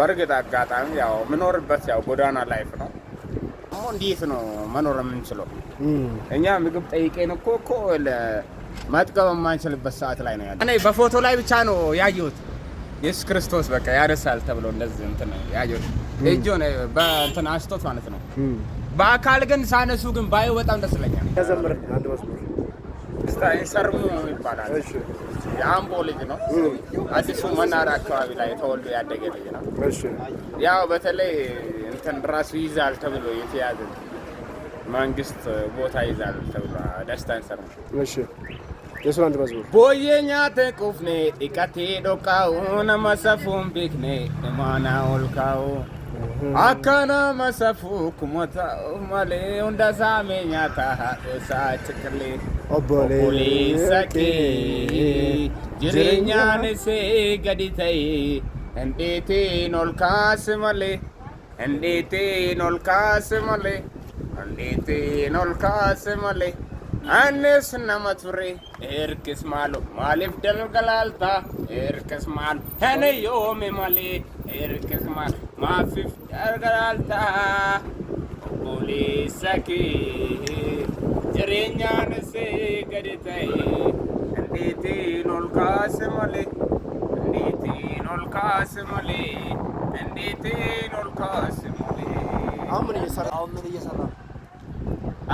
በእርግጥ አጋጣሚ ያው የምኖርበት ያው ጎዳና ላይፍ ነው። አሁን እንዴት ነው መኖር የምንችለው? እኛ ምግብ ጠይቄን እኮ እኮ መጥቀም የማንችልበት ሰዓት ላይ ነው ያለ። እኔ በፎቶ ላይ ብቻ ነው ያየሁት። ኢየሱስ ክርስቶስ በቃ ያደሳል ተብሎ እንደዚህ እንትን ያየሁት እጆ በእንትን አንስቶት ማለት ነው። በአካል ግን ሳነሱ ግን ባየው በጣም ደስ ይለኛል። ይሰርሙ ይባላል። የአምቦ ልጅ ነው። አዲሱ መናራ አካባቢ ላይ ተወልዶ ያደገ ልጅ ነው። ያው በተለይ እንትን ራሱ ይዛል ተብሎ የተያዘ መንግስት ቦታ ይዛል ተብሎ ደስታ ይሰርሙ የሱን መዝሙር ቦዬኛ ተቁፍኔ ኢቀቴ ዶቃውን መሰፉን ቢክኔ እማና ኦልካው Akana masafu kumota umale undasa menyata esa chikli obole saki jirinyan se gaditai endete nolkas male endete nolkas male endete nolkas male anes namature erkes malu malif dalgalalta erkes malu hene yomi male erkes malu maaffiif gargaaltaa obboleessa kee jireenyaan isee gadi ta'e indeetiin ol kaase malee indeetiin ol kaase malee እንዴትን ኦልካስ አሁን ምን እየሰራ አሁን ምን እየሰራ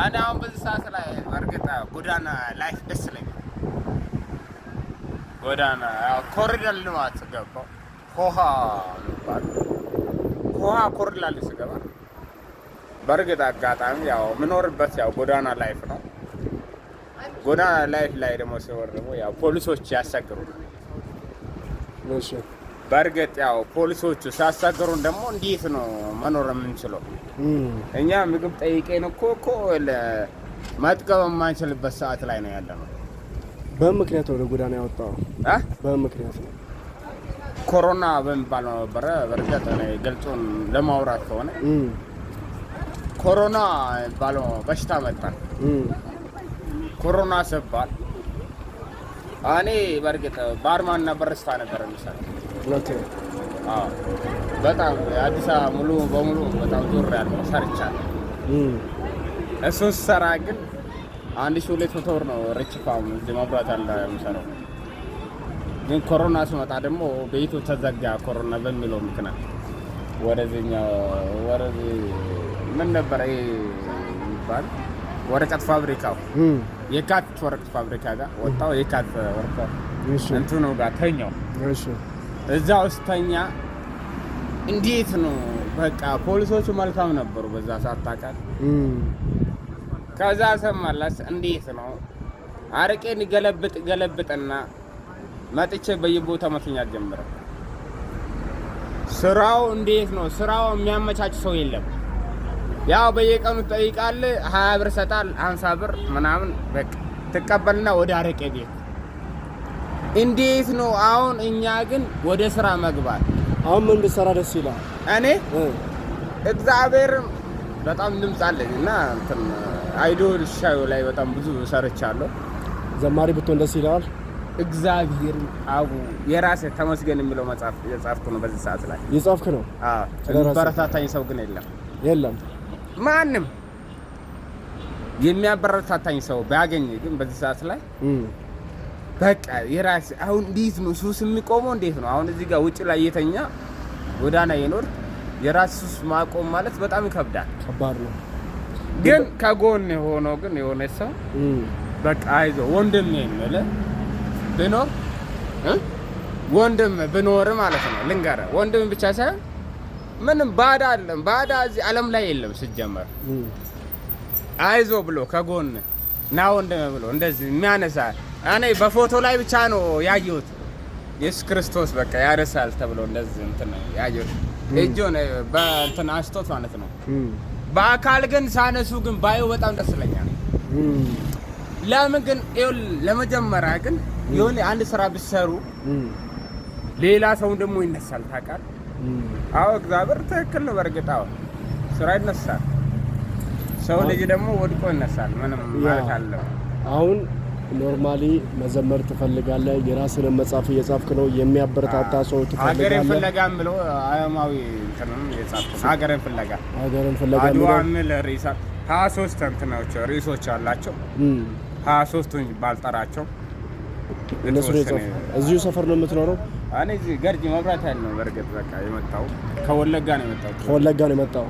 እኔ አሁን በዚህ ሰዓት ላይ በእርግጥ ጎዳና ላይፍ ደስ ይለኛል። ጎዳና ኮሪደር ልማት ገባ ሆሃ ውሃ ኮርላል ስገባ። በእርግጥ አጋጣሚ ያው የምኖርበት ያው ጎዳና ላይፍ ነው። ጎዳና ላይፍ ላይ ደግሞ ሲወር ደግሞ ያው ፖሊሶች ያስቸግሩናል። በእርግጥ ያው ፖሊሶቹ ሲያስቸግሩን ደግሞ እንዴት ነው መኖር የምንችለው? እኛ ምግብ ጠይቄን እኮ እኮ መጥቀም የማንችልበት ሰዓት ላይ ነው ያለ ነው። በምክንያት ወደ ጎዳና ያወጣው በምክንያት ነው ኮሮና በሚባል ነበረ። በእርግጥ ገልጾን ለማውራት ከሆነ ኮሮና የሚባለው በሽታ መጣ። ኮሮና ስባል እኔ በእርግጥ በአርማና በረስታ ነበር የሚሰራው። በጣም አዲስ አበባ ሙሉ በሙሉ በጣም ዙር ያለ ሰርቻለሁ። እሱን ስሰራ ግን አንድ ሺህ ሁለት መቶ ብር ነው ርችፋ መብራት አለ የምሰራው ግን ኮሮና ሲመጣ ደግሞ ቤቱ ተዘጋ። ኮሮና በሚለው ምክንያት ወደዚህኛው ወደዚህ ምን ነበረ ይባል ወረቀት ፋብሪካው የካት ወረቀት ፋብሪካ ጋር ወጣው። የካት ወረቀት እንትኑ ጋር ተኛው። እዛ ውስጥ ተኛ። እንዴት ነው በቃ ፖሊሶቹ መልካም ነበሩ በዛ ሳታቃል። ከዛ ሰማላስ እንዴት ነው አርቄን ገለብጥ ገለብጥና መጥቼ በየቦታ መተኛት ጀመረ። ስራው እንዴት ነው? ስራው የሚያመቻች ሰው የለም። ያው በየቀኑ ትጠይቃል፣ ሀያ ብር ሰጣል፣ ሀምሳ ብር ምናምን በቃ ትቀበልና ወደ አረቄ ቤት እንዴት ነው አሁን? እኛ ግን ወደ ስራ መግባት አሁን ምን ብሰራ ደስ ይላል? እኔ እግዚአብሔርም በጣም ድምፅ አለኝ እና አይዶል ሻዩ ላይ በጣም ብዙ ሰርቻለሁ። ዘማሪ ብትሆን ደስ ይላል። እግዚአብሔር አቡ የራሴ ተመስገን የሚለው መጽሐፍ የጻፍኩ ነው። በዚህ ሰዓት ላይ የጻፍክ ነው? አዎ። ሰው ግን የለም የለም። ማንም የሚያበረታታኝ ሰው ባገኝ ግን በዚህ ሰዓት ላይ በቃ የራሴ አሁን እንዴት ነው ሱስ የሚቆመው? እንዴት ነው አሁን እዚህ ጋር ውጭ ላይ እየተኛ ጎዳና የኖር የራስ ሱስ ማቆም ማለት በጣም ይከብዳል፣ ከባድ ነው። ግን ከጎን የሆነው ግን የሆነ ሰው በቃ አይዞ ወንድሜ የሚልህ ብኖር ወንድም ብኖር ማለት ነው። ልንገረ ወንድም ብቻ ሳይሆን ምንም ባዳ አይደለም። ባዳ እዚህ ዓለም ላይ የለም። ሲጀመር አይዞ ብሎ ከጎን ና ወንድም ብሎ እንደዚህ የሚያነሳ እኔ በፎቶ ላይ ብቻ ነው ያየሁት። ኢየሱስ ክርስቶስ በቃ ያነሳል ተብሎ እንደዚህ እንትን ያየሁት እጆ በእንትን አንስቶት ማለት ነው። በአካል ግን ሳነሱ ግን ባዩ በጣም ደስ ይለኛል። ለምን ግን ለመጀመሪያ ግን የሆነ አንድ ስራ ብትሰሩ ሌላ ሰው ደግሞ ይነሳል። ታውቃለህ? አዎ እግዚአብሔር ትክክል ነው። በእርግጥ አዎ ስራ ይነሳል። ሰው ልጅ ደግሞ ወድቆ ይነሳል። ምንም ማለት አለው። አሁን ኖርማሊ መዘመር ትፈልጋለህ፣ የራስን መጽሐፍ እየጻፍክ ነው፣ የሚያበረታታ ሰው ትፈልጋለህ። ሀገርን ፍለጋም ብሎ አለማዊ እንትንም የጻፍኩት ሀገርን ፍለጋ ሀገርን ፍለጋ አድዋ ምል ርዕሰ ሀያ ሶስት እንትኖች አላቸው ሀያ ሶስቱን ባልጠራቸው እዚሁ ሰፈር ነው የምትኖረው? እኔ እዚህ ገርጂ መብራት ያለ ነው። በእርግጥ በቃ የመጣው ከወለጋ ነው የመጣው ከወለጋ ነው የመጣው።